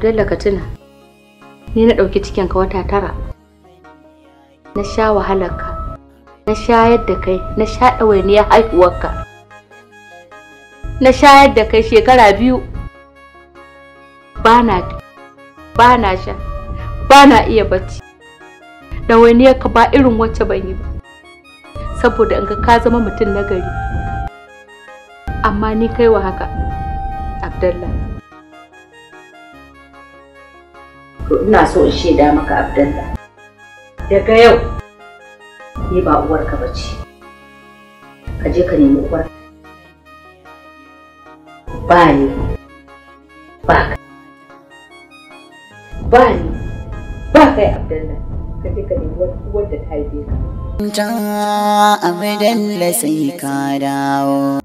Bello ka tuna. Ni na ɗauki cikinka wata tara. Na sha ka. na shayar da kai, na sha ɗawainiyar haihuwarka. Na shayar da kai shekara biyu. Bana, bana sha, bana iya bacci. ka ba irin wacce ban yi ba. Saboda in ga ka zama mutum na gari. Amma ni kaiwa haka, Abdullahi. ina so in shaida maka abdalla daga yau ni ba uwarka ba ce ka je ka nemi uwar ba ni ba ka ba ni ba kai abdalla ka je ka nemi uwar da ta haife ka Abdalla sai ka dawo.